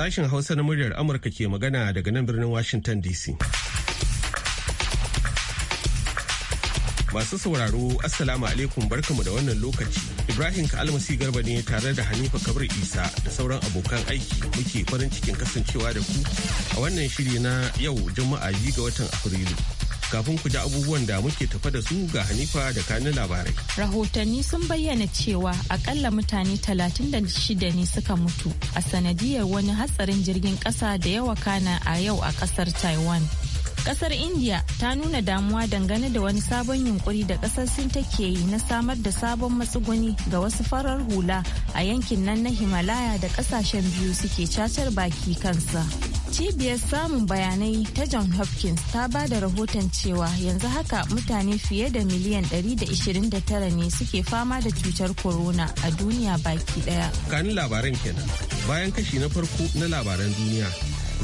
Sashen Hausa na muryar Amurka ke magana daga nan birnin Washington DC. Masu sauraro, Assalamu alaikum barkamu da wannan lokaci. Ibrahim Kalmasi Garba ne tare da Hanifa Kabir Isa da sauran abokan aiki muke farin cikin kasancewa da ku a wannan shiri na yau Juma'a yi ga watan Afrilu. kafin ku ji abubuwan da muke tafa da su ga Hanifa da kanin labarai. Rahotanni sun bayyana cewa akalla mutane 36 ne suka mutu a sanadiyar wani hatsarin jirgin kasa da yawa kana a yau a kasar Taiwan. Kasar India ta nuna damuwa dangane da wani sabon yunkuri da kasar Sin take yi na samar da sabon matsuguni ga wasu farar hula a yankin nan na Himalaya da kasashen biyu suke cacar baki kansa. Cibiyar samun bayanai ta John Hopkins ta ba da rahoton cewa yanzu haka mutane fiye da miliyan 129 ne suke fama da cutar corona a duniya baki daya. Kanin labaran kenan bayan kashi na farko na labaran duniya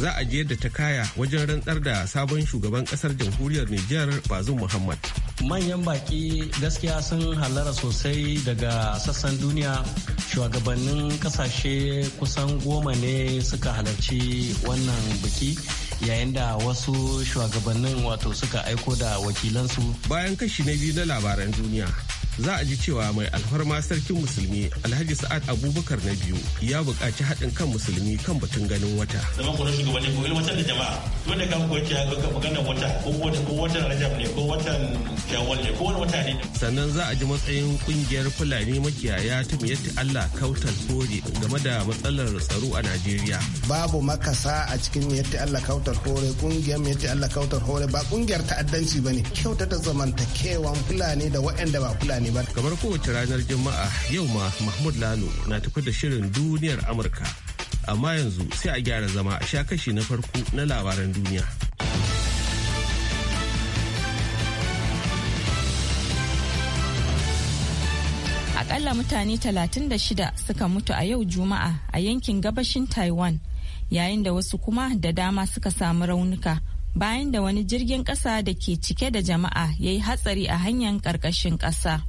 za a je da ta kaya wajen rantsar da sabon shugaban kasar jamhuriyar Nijar Bazum Muhammad. manyan baki gaskiya sun halara sosai daga sassan duniya shugabannin kasashe kusan goma ne suka halarci wannan biki yayin da wasu shugabannin wato suka aiko da wakilansu bayan kashi na biyu na labaran duniya za a ji cewa mai alfarma sarkin musulmi alhaji sa'ad abubakar na biyu ya buƙaci haɗin kan musulmi kan batun ganin wata. zaman kuma shugabanni ko ilmantar da jama'a dole kan ko ce ga maganar wata ko wata ko watan rajab ne ko watan shawwal ne ko wani wata ne. sannan za a ji matsayin kungiyar fulani makiyaya ta yadda allah kautar kore game da matsalar tsaro a najeriya. babu makasa a cikin yadda allah kautar kore kungiyar yadda allah kautar kore ba kungiyar ta'addanci ba ne kyautata zamantakewan fulani da waɗanda ba fulani ne ba. Kamar kowace ranar Juma'a yau ma Mahmud Lalo na tafi da shirin duniyar Amurka. Amma yanzu sai a gyara zama a sha kashi na farko na labaran duniya. Akalla mutane 36 suka mutu a yau Juma'a a yankin gabashin Taiwan, yayin da wasu kuma da dama suka samu raunuka. bayan da wani jirgin ƙasa da ke cike da jama'a ya yi hatsari a hanyar karkashin ƙasa.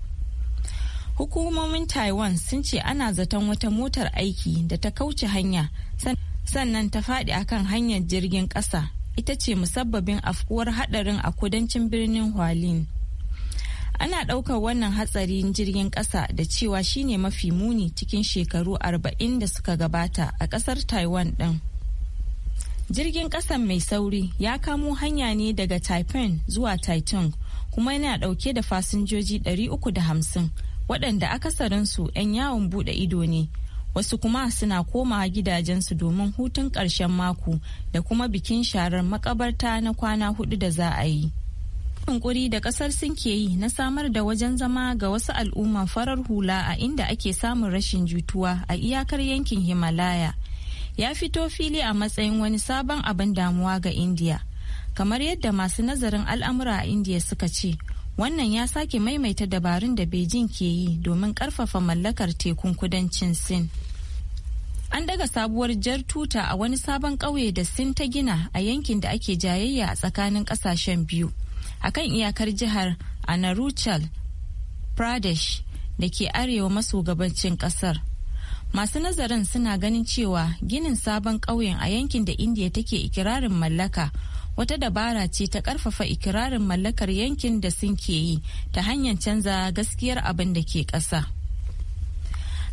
Hukumomin Taiwan sun ce ana zaton wata motar aiki da ta kauce hanya sannan ta faɗi akan hanyar jirgin ƙasa ita ce musabbabin afkuwar haɗarin a kudancin birnin hualin ana ɗaukar wannan hatsarin jirgin ƙasa da cewa shine mafi muni cikin shekaru 40 da suka gabata a ƙasar taiwan ɗin jirgin ƙasan mai sauri ya kamo hanya ne daga taipan zuwa taitung kuma yana ɗauke da fasinjoji 350 waɗanda akasarinsu 'yan yawon buɗe ido ne wasu kuma suna komawa gidajensu domin hutun ƙarshen mako da kuma bikin sharar makabarta na kwana hudu da za a yi. yunkuri da kasar sun ke yi na samar da wajen zama ga wasu al'umma farar hula a inda ake samun rashin jituwa a iyakar yankin himalaya ya fito fili a matsayin wani sabon abin damuwa ga indiya kamar yadda masu nazarin al'amura a indiya suka ce wannan ya sake maimaita dabarun da beijing ke yi domin karfafa mallakar tekun kudancin sin an daga sabuwar jar tuta a wani sabon kauye da sin ta gina a yankin da ake jayayya a tsakanin kasashen biyu akan iyakar jihar anaruchal pradesh da ke arewa maso gabancin kasar masu nazarin suna ganin cewa ginin sabon ƙauyen a yankin da indiya take ikirarin mallaka wata dabara ce ta karfafa ikirarin mallakar yankin da sun ke yi ta hanyar canza gaskiyar abin da ke ƙasa.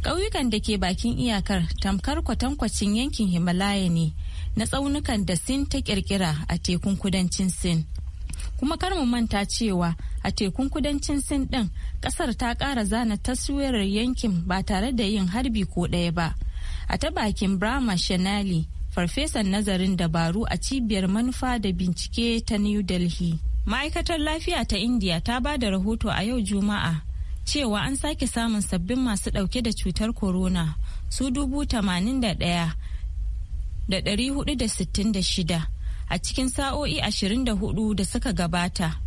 ƙauyukan da ke bakin iyakar tamkar kwatankwacin yankin himalaya ne na tsaunukan da sin ta kirkira a tekun kudancin sin kuma kar mu manta cewa a tekun kudancin sin ɗin ƙasar ta ƙara zana taswirar yankin ba tare da yin harbi ko ɗaya ba a ta bakin brahma shanali farfesan nazarin dabaru a cibiyar manufa da bincike ta new delhi ma'aikatar lafiya ta india ta ba da rahoto a yau juma'a cewa an sake samun sabbin masu ɗauke da cutar corona su dubu tamanin da ɗaya da ɗari hudu da sittin da shida a cikin sa'o'i ashirin da hudu da suka gabata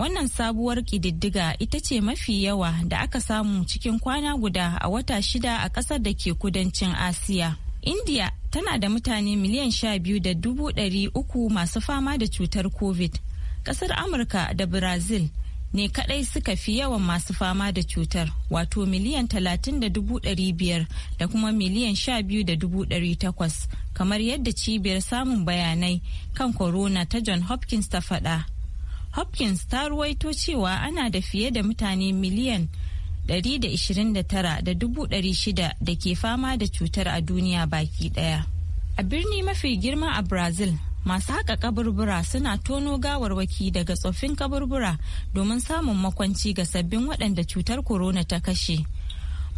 wannan sabuwar ƙididdiga ita ce mafi yawa da aka samu cikin kwana guda a wata shida a ƙasar da ke kudancin asiya India tana da mutane miliyan sha biyu da dubu ɗari uku masu fama da cutar COVID. kasar Amurka da Brazil ne kadai suka fi yawan masu fama da cutar wato miliyan talatin da dubu ɗari biyar da kuma miliyan sha biyu da dubu ɗari takwas kamar yadda cibiyar samun bayanai kan corona ta John Hopkins ta faɗa. Hopkins ta ruwaito cewa ana da fiye da mutane miliyan 129,600 da ke fama da cutar a duniya baki daya. A birni mafi girma a Brazil, masu haka kaburbura suna tono gawarwaki daga tsoffin kaburbura domin samun makwanci ga sabbin waɗanda cutar corona ta kashe.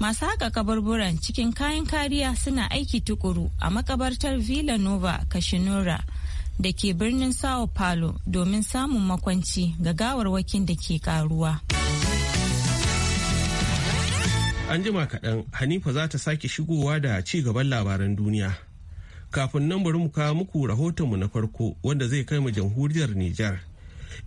masu haka kaburburan cikin kayan kariya suna aiki tukuru a makabartar villa nova kashinura da ke birnin sao paulo domin samun makwanci ga gawarwakin da ke karuwa. An jima kaɗan Hanifa za ta sake shigowa da ci gaban labaran duniya. Kafin nan bari mu kawo muku rahotonmu na farko wanda zai kai mu jamhuriyar Nijar.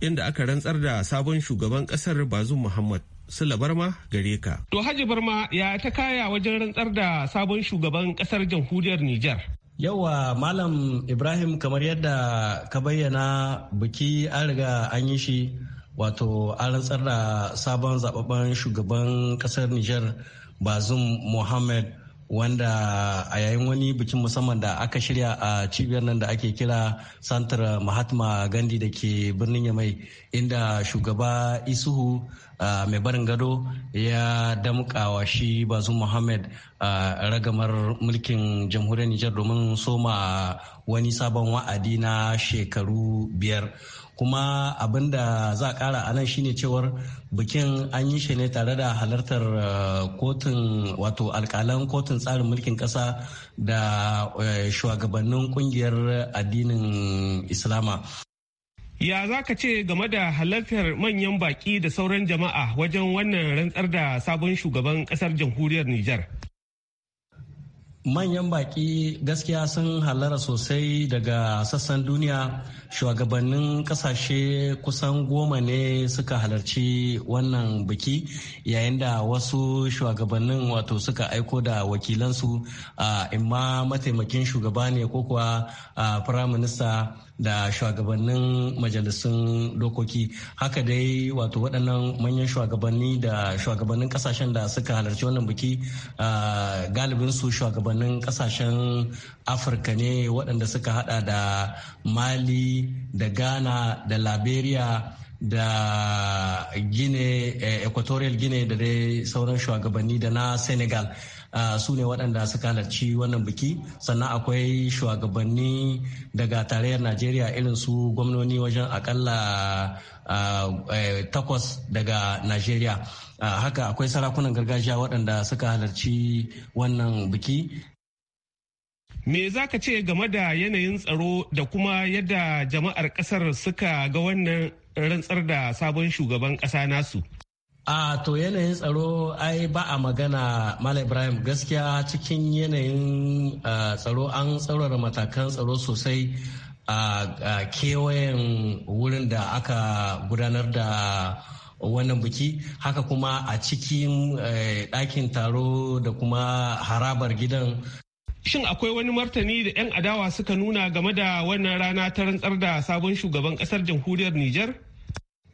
Inda aka rantsar da sabon shugaban ƙasar Bazum Muhammad. Sula Barma gare ka. To Haji Barma ya ta kaya wajen rantsar da sabon shugaban ƙasar jamhuriyar Nijar. Yawa Malam Ibrahim kamar yadda ka bayyana biki an riga an yi shi wato an rantsar da sabon zababben shugaban kasar Nijar Bazum Mohammed wanda a yayin wani bikin musamman da aka shirya a cibiyar nan da ake kira santar mahatma gandhi da ke birnin yamai inda shugaba isuhu mai barin gado ya damƙawa shi bazu a ragamar mulkin jamhuriyar nijar domin soma wani sabon wa'adi na shekaru biyar kuma abin da za a kara a shine cewar bikin an yi shi ne tare da halartar eh, kotun wato alkalan kotun tsarin mulkin kasa da eh, shugabannin kungiyar addinin islama ya za ka ce game da halartar manyan baki da sauran jama'a wajen wannan rantsar da sabon shugaban kasar jamhuriyar nijar manyan baki gaskiya sun halara sosai daga sassan duniya shugabannin kasashe kusan goma ne suka halarci wannan biki yayin da wasu shugabannin wato suka aiko da wakilansu a imma mataimakin shugaba ne ko kuwa Prime Minister da shugabannin majalisun dokoki haka dai wato waɗannan manyan shugabanni da shugabannin kasashen da suka halarci wannan biki galibinsu shugabannin kasashen afirka ne waɗanda suka hada da mali da ghana da liberia da gine eh, equatorial gine da dai sauran shugabanni da na senegal uh, su ne waɗanda suka halarci wannan biki sannan akwai shugabanni daga tarayyar najeriya irin su gwamnoni wajen akalla uh, ah, eh, takwas daga najeriya uh, haka akwai sarakunan gargajiya waɗanda suka halarci wannan biki Me za ka ce game da yanayin tsaro da kuma yadda jama'ar ƙasar suka ga wannan rantsar da sabon shugaban ƙasa nasu? A to yanayin tsaro ai ba a magana Malam Ibrahim gaskiya cikin yanayin uh, tsaro an tsaurara matakan tsaro sosai a kewayen wurin da aka gudanar da wannan biki haka kuma a cikin eh, ɗakin taro da kuma harabar gidan Shin akwai wani martani da 'yan adawa suka nuna game da wannan rana ta rantsar da sabon shugaban kasar jamhuriyar Nijar?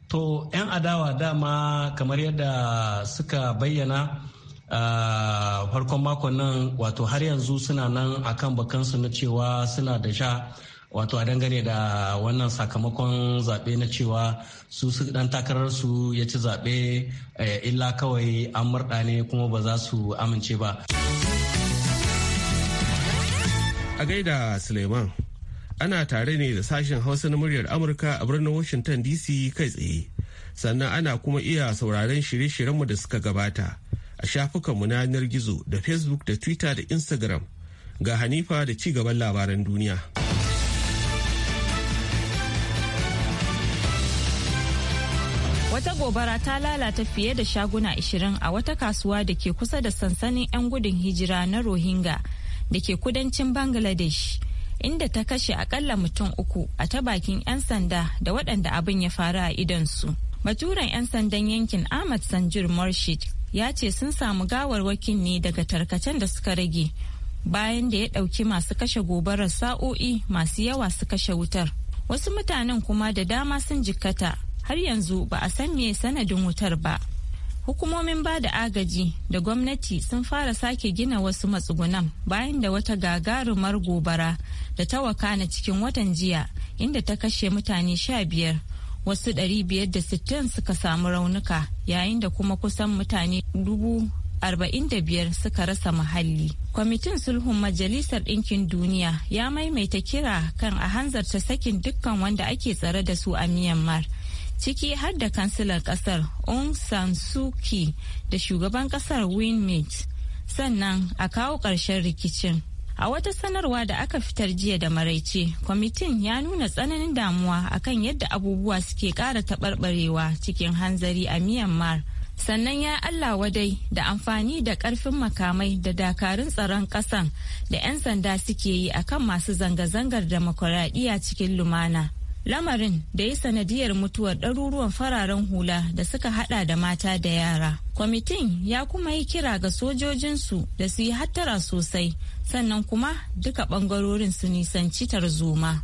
To, 'yan adawa dama kamar yadda suka bayyana farkon makon nan wato har yanzu suna nan akan bakansu na cewa suna da sha wato a dangane da wannan sakamakon zaɓe na cewa su su dan takararsu ya ci zaɓe eh, illa kawai an murɗa ne kuma ba za su amince ba. A gaida Suleiman, ana tare ne da sashen Hausa na muryar Amurka a birnin Washington DC kai tsaye. Sannan ana kuma iya sauraron shirye-shiryenmu da suka gabata a shafukanmu na yanar gizo da Facebook da Twitter da Instagram ga Hanifa da ci gaban labaran duniya. Wata gobara ta lalata fiye da shaguna 20 a wata kasuwa da ke kusa da sansanin 'yan gudun hijira na Rohingya. da ke kudancin bangladesh inda ta kashe akalla mutum uku a ta bakin 'yan sanda da waɗanda abin ya faru a idansu. Baturen 'yan sandan yankin Ahmad Sanjur Morshid ya ce sun samu gawarwakin ne daga tarkacen da suka rage bayan da ya ɗauki masu kashe gobarar sa'o'i masu yawa su kashe wutar. Wasu mutanen kuma da dama sun jikkata har yanzu ba a san me sanadin wutar ba. Hukumomin ba da agaji da gwamnati sun fara sake gina wasu matsugunan bayan da wata gagarumar gobara da ta wakana cikin watan jiya inda ta kashe mutane sha biyar wasu 560 suka samu raunuka yayin da kuma kusan mutane dubu biyar suka rasa muhalli. Kwamitin sulhun Majalisar Ɗinkin Duniya ya maimaita kira kan a hanzarta sakin dukkan wanda ake tsare da su a Myanmar. ciki har da kansilar kasar Aung San Suu Kyi da shugaban kasar Win Myint sannan a kawo ƙarshen rikicin. A wata sanarwa da aka fitar jiya da maraice, kwamitin ya nuna tsananin damuwa akan yadda abubuwa suke ƙara taɓarɓarewa cikin hanzari a Myanmar. Sannan ya Allah wadai da amfani da ƙarfin makamai da dakarun tsaron ƙasan da 'yan sanda suke yi akan masu zanga-zangar demokuraɗiyya cikin lumana. lamarin da ya sanadiyar mutuwar ɗaruruwan fararen hula da suka hada da mata da yara kwamitin ya kuma yi kira ga sojojinsu da su yi hattara sosai sannan kuma duka ɓangarorin su nisanci tarzoma.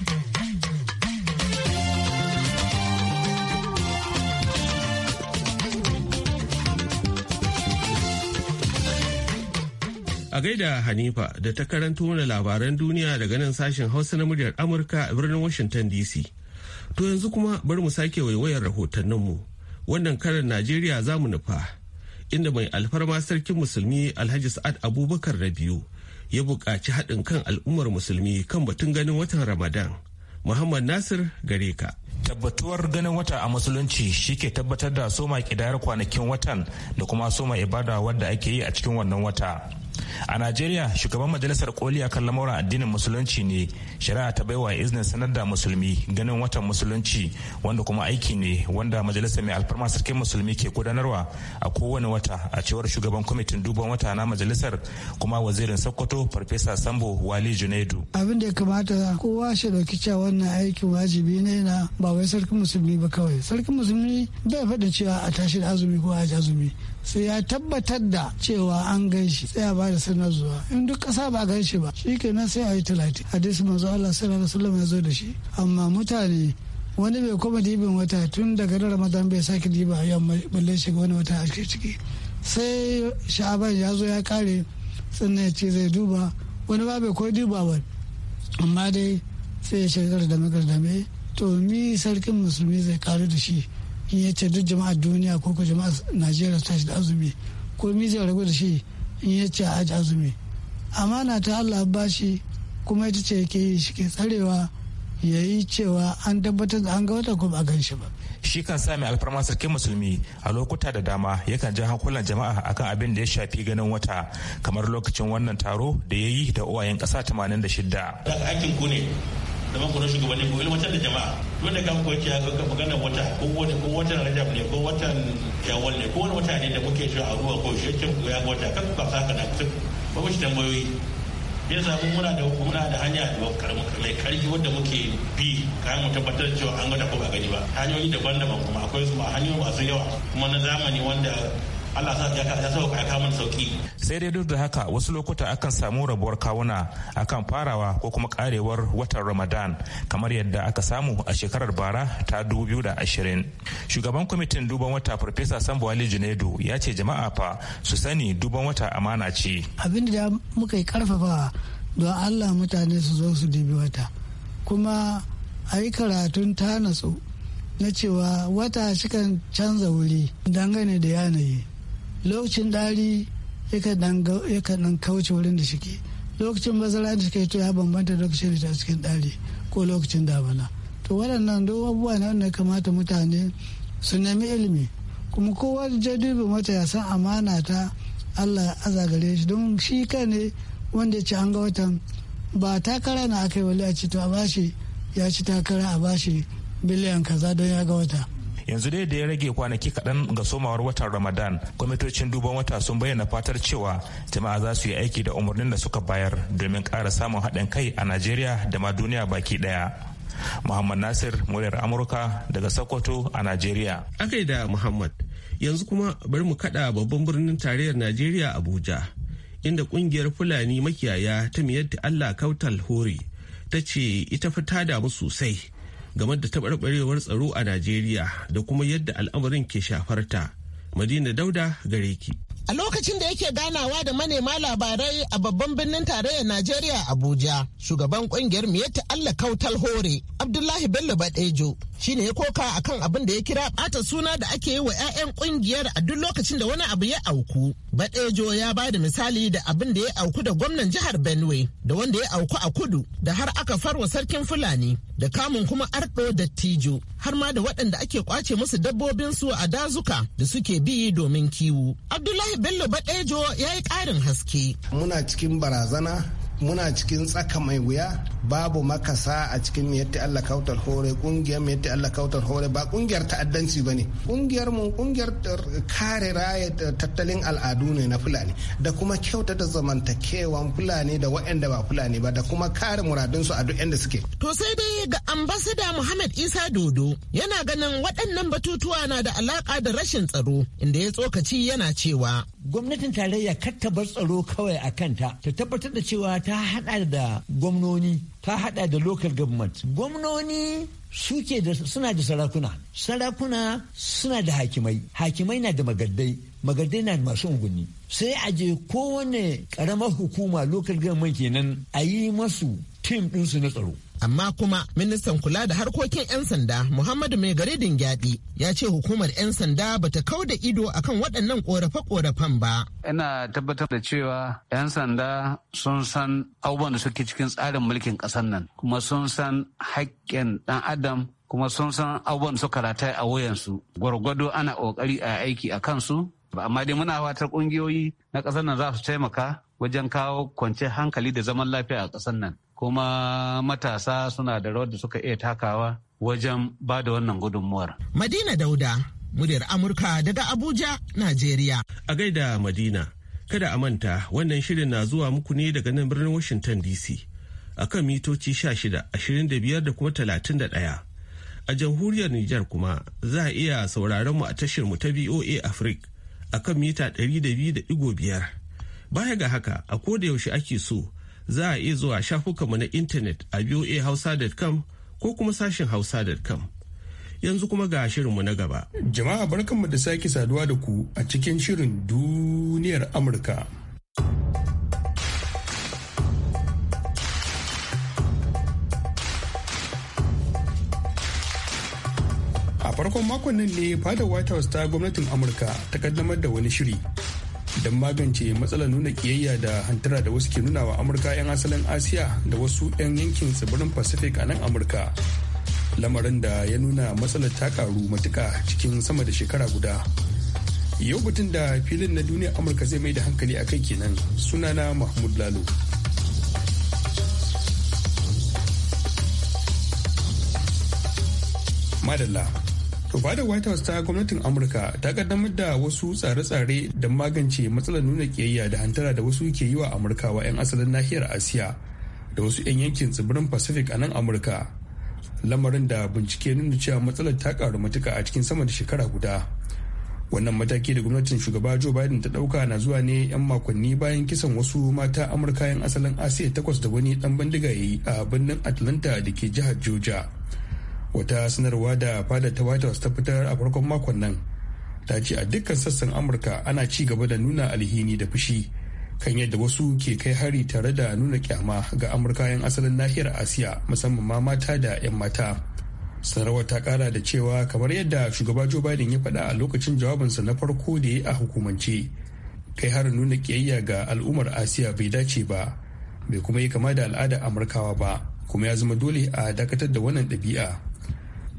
gaida Hanifa da ta karanto mana labaran duniya daga nan sashen Hausa na muryar Amurka a birnin Washington DC. To yanzu kuma bari mu sake waiwayar rahotanninmu. Wannan karan Najeriya za mu nufa. Inda mai alfarma sarkin musulmi Alhaji Sa'ad Abubakar na biyu ya buƙaci haɗin kan al'ummar musulmi kan batun ganin watan Ramadan. Muhammad Nasir gare ka. tabbatuwar ganin wata a musulunci shi ke tabbatar da soma kidayar kwanakin watan da kuma soma ibada wadda ake yi a cikin wannan wata a najeriya shugaban majalisar koli a kan lamura addinin musulunci ne shari'a ta baiwa iznin sanar da musulmi ganin watan musulunci wanda kuma aiki ne wanda majalisar mai alfarma sarkin musulmi ke gudanarwa a kowane wata a cewar shugaban kwamitin duban wata na majalisar kuma wazirin sokoto farfesa sambo wali junaidu abin da ya kamata kowa shi dauki cewa wannan aikin wajibi ne na ba wai sarkin musulmi ba kawai sarkin musulmi bai faɗin cewa a tashi da azumi ko a azumi sai ya tabbatar da cewa an gan shi sai a bada sanar zuwa in duk kasa ba gan shi ba shikenan sai a yi talatin hadisi manzo Allah sallallahu alaihi ya zo da shi amma mutane wani bai kuma dibin wata tun daga na ramadan bai sake diba a yamma balle shiga wani wata a ciki sai sha'aban ya zo ya kare sannan ya ce zai duba wani ba bai koyi duba ba amma dai sai ya shiga da magardame to mi sarkin musulmi zai karu da shi in ya ce duk jama'a duniya ko ko jama'ar najeriya su shi da azumi ko mi zai ragu da shi in ya ce aji azumi amana ta allah ba shi kuma ita ce yake yi shi ke tsarewa ya yi cewa an tabbatar da an ga wata ko ba gan shi ba shi kan sami alfarma sarkin musulmi a lokuta da dama yakan ji hankulan jama'a akan abin da ya shafi ganin wata kamar lokacin wannan taro da ya yi da uwayen kasa 86 aikin ku ne zaman ku na shugabanni ko ilmantar da jama'a duk da kan ku yake ga magana wata ko wani ko watan rajab ne ko watan shawwal ne ko wani wata ne da muke shi a ruwa ko shi ku ya wata kan ku kasa da ku ba mu shi tambayoyi ya samu muna da muna da hanya da mai karfi wanda muke bi kai mu tabbatar cewa an ga da ko ba gani ba hanyoyi daban-daban kuma akwai su ba hanyoyi masu yawa kuma na zamani wanda Allah sa ya kasa sauka ya kawo sauki sai dai duk da haka wasu lokuta akan samu rabuwar kawuna akan farawa ko kuma karewar watan Ramadan kamar yadda aka samu a shekarar bara ta ashirin shugaban kwamitin duban wata farfesa Sambo Ali Junaidu ya ce jama'a fa su sani duban wata amana ce abin da muka yi karfafa don Allah mutane su zo su dubi wata kuma a yi karatun ta natsu na cewa wata shikan canza wuri dangane da yanayi lokacin ɗari yakan nan kauce wurin da shike lokacin bazara da shike to ya bambanta lokacin da ta cikin dari ko lokacin damana to waɗannan duk abubuwa ne wanda kamata mutane su nemi ilimi kuma kowa da jadubi mata ya san amana ta allah aza gare shi don shi ka ne wanda ya ci an ga watan ba takara na aka yi wali a ci to a bashi ya ci takara a bashi biliyan kaza don ya ga wata yanzu dai da ya rage kwanaki kaɗan ga somawar watan ramadan kwamitocin duban wata sun bayyana fatar cewa jama'a za su yi aiki da umarnin da suka bayar domin kara samun haɗin kai a najeriya da ma duniya baki ɗaya muhammad nasir muryar amurka daga sokoto a najeriya akai da muhammad yanzu kuma bari mu kaɗa babban birnin tarayyar najeriya abuja inda ƙungiyar fulani makiyaya ta miyar allah kautal hori ta ce ita fita damu sosai game da taɓarɓarewar tsaro a Najeriya da kuma yadda al'amarin ke shafarta. Madina Dauda gare ki. a lokacin da yake ganawa da manema labarai a babban birnin tarayyar najeriya abuja shugaban kungiyar miyatta allah kautal hore abdullahi bello badejo shine ya koka akan abin da ya kira bata suna da ake yi wa 'ya'yan kungiyar a duk lokacin da wani abu ya auku badejo ya ba da misali da abin da ya auku da gwamnan jihar benue da wanda ya auku a kudu da har aka farwa sarkin fulani da kamun kuma Ardo da tijo har ma da waɗanda ake kwace musu dabbobinsu a dazuka da suke bi domin kiwo abdullahi Bello Badejo ya yi ƙarin haske. Muna cikin barazana muna cikin tsaka mai wuya babu makasa a cikin yadda Allah kautar hore kungiyar yadda Allah kautar hore ba kungiyar ta'addanci ba ne kungiyar mu kungiyar kare raya tattalin al'adu ne na fulani da kuma kyautata zamantakewan fulani da waɗanda ba fulani ba da kuma kare muradunsu a duk inda suke. To sai dai ga ambasada Muhammad Isa Dodo yana ganin waɗannan batutuwa na da alaƙa da rashin tsaro inda ya tsokaci yana cewa gwamnatin tarayya kar ta bar tsaro kawai a kanta ta tabbatar da cewa ta hada da gwamnoni ta hada da local government gwamnoni suke da suna da sarakuna sarakuna suna da hakimai hakimai na da magaddai magaddai na masu unguni sai a je kowane karamar hukuma local government kenan a yi masu tim ɗinsu na tsaro amma kuma ministan kula da harkokin 'yan sanda muhammadu mai garidin gyaɗi ya ce hukumar 'yan sanda bata kau da ido akan waɗannan ƙorafe-ƙorafen ba ina tabbatar da cewa 'yan sanda sun san abubuwan da suke cikin tsarin mulkin ƙasar nan kuma sun san haƙƙin ɗan adam kuma sun san abubuwan suka rata a wayansu gwargwado ana ƙoƙari a aiki a kansu amma dai muna fatar ƙungiyoyi na ƙasar nan za su taimaka wajen kawo kwanciyar hankali da zaman lafiya a ƙasar nan kuma matasa suna da rawar da suka iya takawa wajen ba da wannan gudunmuwar. Madina Dauda, muryar Amurka daga Abuja, Najeriya. A gaida Madina, kada a manta wannan shirin na zuwa muku ne daga nan birnin Washington DC. A kan mitoci 16, 25 da kuma 31. A jamhuriyar Nijar kuma za a iya sauraron mu a tashar mu ta VOA Africa a kan mita 200.5. Baya ga haka, a koda yaushe ake so za a iya zuwa mu na intanet a voahausa.com ko kuma sashin hausa.com. Yanzu kuma ga shirinmu na gaba. Jama'a barkanmu da sake saduwa da ku a cikin shirin duniyar Amurka. A farkon makon nan ne fadar White House ta gwamnatin Amurka ta kaddamar da wani shiri don magance matsalar nuna kiyayya da hantara da wasu ke nuna wa amurka 'yan asalin asiya da wasu 'yan yankin tsibirin pacific a nan amurka lamarin da ya nuna matsalar ta karu matuka cikin sama da shekara guda yau batun da filin na duniya amurka zai mai da hankali a kai kenan sunana mahmud lalo madalla to fadar white house ta gwamnatin amurka ta kaddamar da wasu tsare-tsare don magance matsalar nuna kiyayya da hantara da wasu ke yi wa amurkawa 'yan asalin nahiyar asiya da wasu 'yan yankin tsibirin pacific a nan amurka lamarin da bincike nuna cewa matsalar ta karu matuka a cikin sama da shekara guda wannan mataki da gwamnatin shugaba joe biden ta dauka na zuwa ne 'yan makonni bayan kisan wasu mata amurka 'yan asalin asiya takwas da wani dan bindiga ya yi a birnin atlanta da ke jihar georgia wata sanarwa da fada ta white house ta fitar a farkon makon nan ta ce a dukkan sassan amurka ana ci gaba da nuna alhini da fushi kan yadda wasu ke kai hari tare da nuna kyama ga amurka 'yan asalin nahiyar asiya musamman ma mata da 'yan mata sanarwar ta kara da cewa kamar yadda shugaba joe biden ya faɗa a lokacin jawabinsa na farko da ya a hukumance kai harin nuna kiyayya ga al'ummar asiya bai dace ba bai kuma yi kama da al'adar amurkawa ba kuma ya zama dole a dakatar da wannan ɗabi'a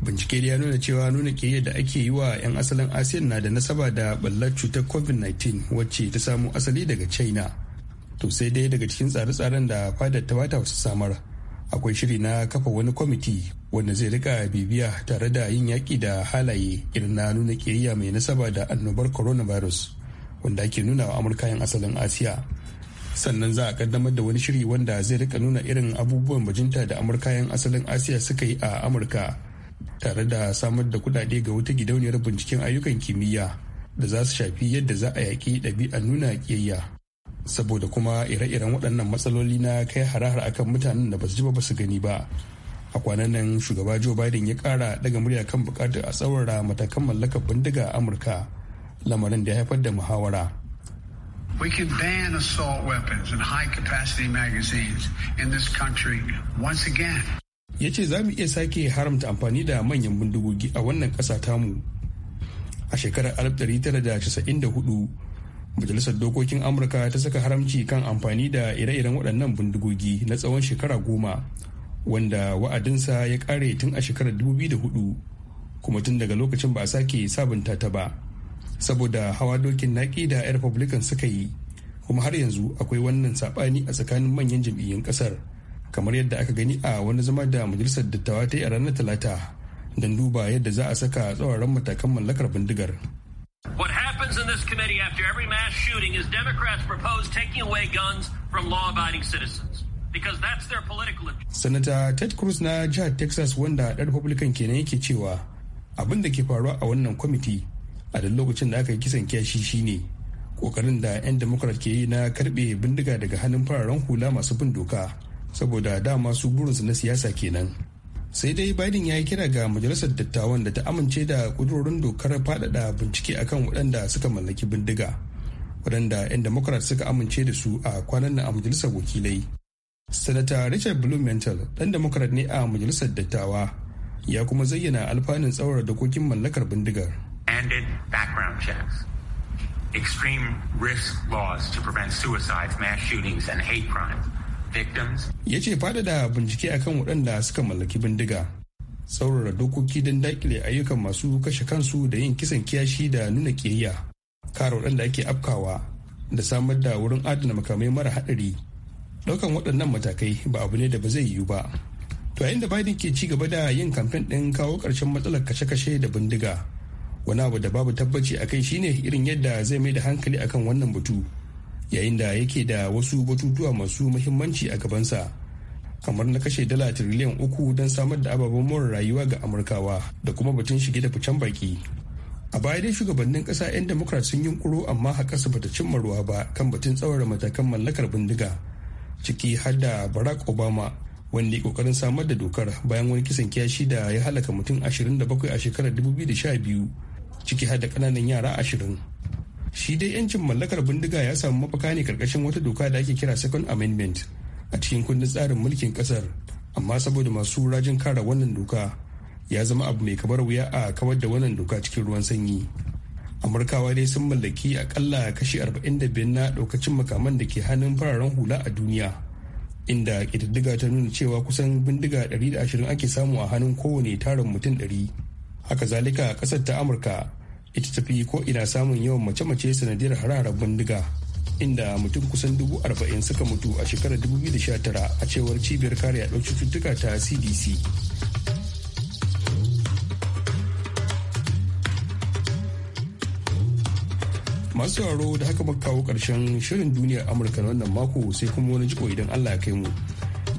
bincike ya nuna cewa nuna ƙiyayya da ake yi wa 'yan asalin asiyan na da nasaba da ɓallar cutar covid-19 wacce ta samu asali daga china to sai dai daga cikin tsare-tsaren da fadar ta bata wasu samar akwai shiri na kafa wani kwamiti wanda zai rika bibiya tare da yin yaƙi da halaye irin na nuna ƙiyayya mai nasaba da annobar coronavirus wanda ake nuna wa amurka 'yan asalin asiya sannan za a kaddamar da wani shiri wanda zai rika nuna irin abubuwan bajinta da amurka 'yan asalin asiya suka yi a amurka tare da samar da kudade ga wata gidauniyar binciken ayyukan kimiyya da za su shafi yadda za a yaki ɗabi'ar nuna ƙiyayya saboda kuma ire-iren waɗannan matsaloli na kai harahar akan mutanen da ba su ji ba su gani ba a kwanan nan shugaba joe biden ya ƙara daga murya kan buƙatar a tsawara matakan mallakar bindiga a amurka lamarin da ya haifar da muhawara We can ban assault weapons and high capacity magazines in this country once again. ya ce za mu iya sake haramta amfani da manyan bindigogi a wannan ƙasa tamu a shekarar hudu, majalisar dokokin amurka ta saka haramci kan amfani da ire-iren waɗannan bindigogi na tsawon shekara goma wanda wa'adinsa ya ƙare tun a shekarar da hudu, kuma tun daga lokacin ba a sake sabunta ta ba saboda hawa dokin naƙi da 'yan republican suka yi kuma har yanzu akwai wannan saɓani a tsakanin manyan jam'iyyun ƙasar kamar yadda aka gani a wani zama da majalisar dattawa ta yi a ranar talata don duba yadda za a saka tsawaran matakan mallakar bindigar What happens in this committee after every mass shooting is Democrats propose taking away guns from law-abiding citizens. Sanata Ted Cruz na jihar Texas wanda ɗan Republican kenan yake cewa abin da ke faruwa a wannan kwamiti a duk lokacin da aka yi kisan kyashi shine kokarin da 'yan Democrat ke yi na karɓe bindiga daga hannun fararen hula masu bin doka. saboda dama su burinsu na siyasa kenan sai dai biden ya yi kira ga majalisar dattawan da ta amince da kudurorin dokar faɗaɗa bincike akan waɗanda suka mallaki bindiga waɗanda 'yan democrat suka amince da su a kwanan nan a majalisar wakilai sanata richard blumenthal ɗan democrat ne a majalisar dattawa ya kuma zayyana alfanun tsawar dokokin mallakar bindigar extreme risk laws to prevent suicides, mass shootings, and hate crimes. Ya ce faɗaɗa bincike akan waɗanda suka mallaki bindiga, saurara dokoki don daƙile ayyukan masu kashe kansu da yin kisan kiyashi da nuna ƙiyayya, kare waɗanda ake afkawa da samar da wurin adana makamai mara haɗari. Ɗaukan waɗannan matakai ba abu ne da ba zai yiwu ba. To yayin da Biden ke ci gaba da yin kamfen ɗin kawo ƙarshen matsalar kashe-kashe da bindiga, wani abu da babu tabbaci a kai shine irin yadda zai mai da hankali akan wannan batu. yayin da yake da wasu batutuwa masu muhimmanci a gabansa kamar na kashe dala tiriliyan uku don samar da ababen more rayuwa ga amurkawa da kuma batun shige da ficen baki a baya dai shugabannin kasa 'yan democrat sun yunkuro amma haƙasa bata cimma ruwa ba kan batun tsawara matakan mallakar bindiga ciki har da barack obama wanda ya kokarin samar da dokar bayan wani kisan kiyashi da ya halaka mutum 27 a shekarar 2012 ciki har da kananan yara ashirin. shi dai yancin mallakar bindiga ya samu mafaka ne karkashin wata doka da ake kira second amendment a cikin kundin tsarin mulkin kasar amma saboda masu rajin kara wannan doka ya zama abu mai kamar wuya a kawar da wannan doka cikin ruwan sanyi amurkawa dai sun mallaki akalla kashi arba'in da 45 na daukacin makaman da ke hannun fararen hula a duniya inda ƙididdiga ta nuna cewa kusan bindiga 120 ake samu a hannun kowane tarin mutum 100 haka zalika kasar ta amurka ita tafi ko ina samun yawan mace-mace sanadiyar harara bindiga inda mutum kusan dubu arba'in suka mutu a shekarar 2019 a cewar cibiyar kare yaɗuwar cututtuka ta cdc masu sauraro da haka muka kawo ƙarshen shirin duniyar amurka na wannan mako sai kuma wani jiko idan allah ya kai mu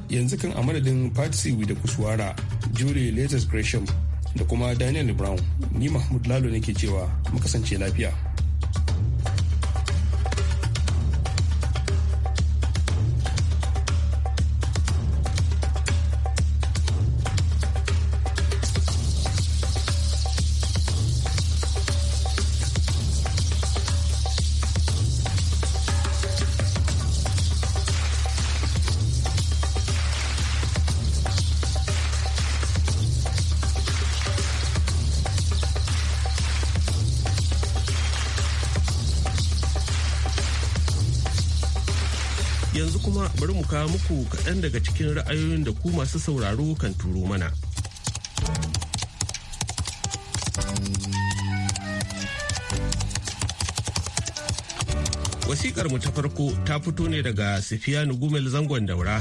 yanzu kan a madadin patsy da kuswara jure latest gresham da kuma Daniel Brown. Ni Mahmud Lalo ke cewa mu kasance lafiya. bari mu kawo muku kaɗan daga cikin ra'ayoyin da ku masu sauraro kan turo mana. Wasikar mu ta farko ta fito ne daga Sifiyanu Gumel zangon daura.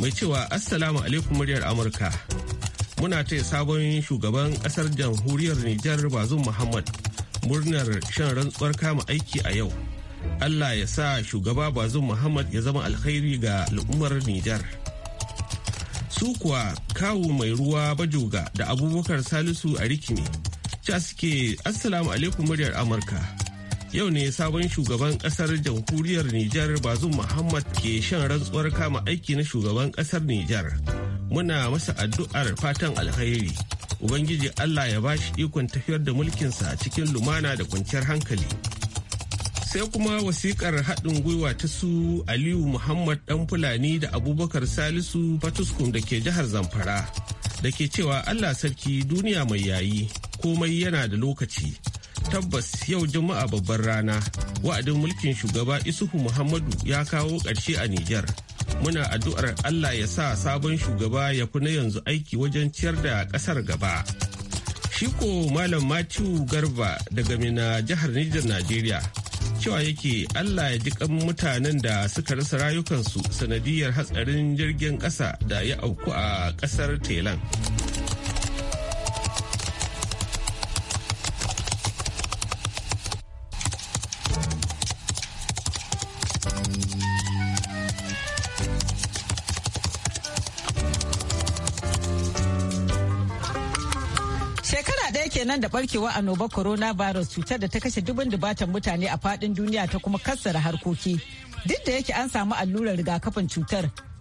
Mai cewa Assalamu alaikum muryar Amurka. Muna taya sabon shugaban kasar jamhuriyar Nijar Bazum Muhammad murnar shan rantsuwar kama aiki a yau. Allah ya sa shugaba bazum Muhammad ya zama alkhairi ga al'ummar Nijar. Su kuwa kawu mai ruwa bajoga da abubakar salisu a rikini. Ca suke Assalamu alaikum muryar Amurka. Yau ne sabon shugaban kasar jamhuriyar Nijar bazum Muhammad ke shan rantsuwar kama aiki na shugaban kasar Nijar. Muna masa addu'ar fatan alkhairi. Ubangiji Allah ya bashi ikon tafiyar da mulkinsa cikin lumana da kwanciyar hankali. sai kuma wasikar haɗin gwiwa ta su aliyu muhammad dan fulani da abubakar salisu fatuskum da ke jihar zamfara da ke cewa allah sarki duniya mai yayi komai yana da lokaci tabbas yau juma'a babbar rana wa'adin mulkin shugaba isuhu muhammadu ya kawo ƙarshe a nijar muna addu'ar allah ya sa sabon shugaba ya fi na yanzu aiki wajen ciyar da ƙasar gaba shiko malam matiu garba daga mina jihar nijar najeriya cewa yake Allah ya jikan mutanen da suka rasa rayukansu sanadiyar hatsarin jirgin ƙasa da ya auku a ƙasar Telan. nan da barkewa Corona virus cutar da ta kashe dubin dubatan mutane a fadin duniya ta kuma kassara harkoki duk da yake an samu allurar rigakafin cutar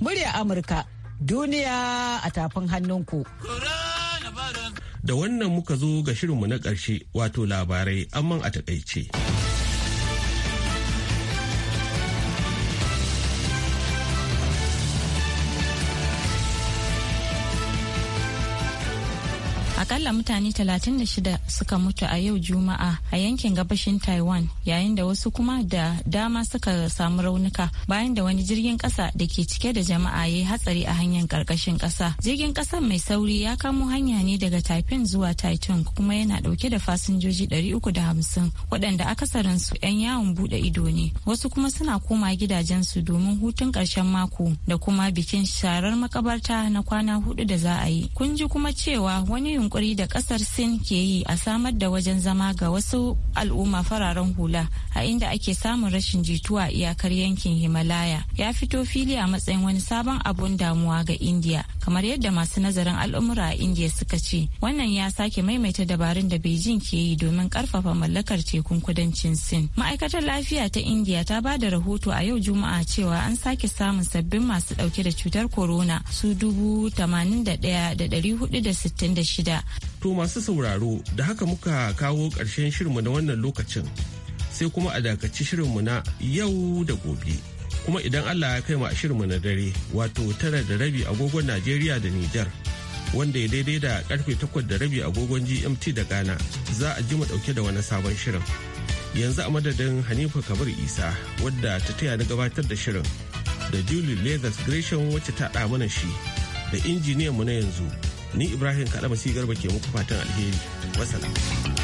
Murya Amurka duniya a tafin hannunku. Da wannan muka zo ga shirinmu na ƙarshe wato labarai amman a takaice. akalla mutane 36 suka mutu a yau juma'a a yankin gabashin taiwan yayin da wasu kuma da dama suka samu raunuka bayan da wani jirgin kasa da ke cike da jama'a ya yi hatsari a hanyar karkashin kasa jirgin kasa mai sauri ya kamo hanya ne daga taiping zuwa taitung kuma yana dauke da fasinjoji 350 waɗanda akasarin su 'yan yawon bude ido ne wasu kuma suna koma gidajensu domin hutun ƙarshen mako da kuma bikin sharar makabarta na kwana hudu da za a yi kun ji kuma cewa wani yunkuri kokari da kasar sin ke yi a samar da wajen zama ga wasu al'umma fararen hula a inda ake samun rashin jituwa iyakar yankin himalaya ya fito fili a matsayin wani sabon abun damuwa ga india kamar yadda masu nazarin al'umura a indiya suka ce wannan ya sake maimaita dabarun da beijing ke yi domin karfafa mallakar tekun kudancin sin ma'aikatar lafiya ta indiya ta ba da rahoto a yau juma'a cewa an sake samun sabbin masu dauke da cutar corona su dubu tamanin da daya da dari hudu da sittin da shida to masu sauraro da haka muka kawo ƙarshen shirinmu na wannan lokacin sai kuma a dakaci shirinmu na yau da gobe kuma idan Allah ya kai mu mu na dare wato tara da rabi agogon Najeriya da Nijar wanda ya daidai da karfe takwas da rabi agogon GMT da Ghana za a ji mu dauke da wani sabon shirin. Yanzu a madadin Hanifa Kabir Isa wadda ta taya na gabatar da shirin da Julie Leathers Gresham wacce ta da mana shi da injiniyan mu na yanzu ni Ibrahim Kalamasi Garba ke muku fatan alheri. Wasalam.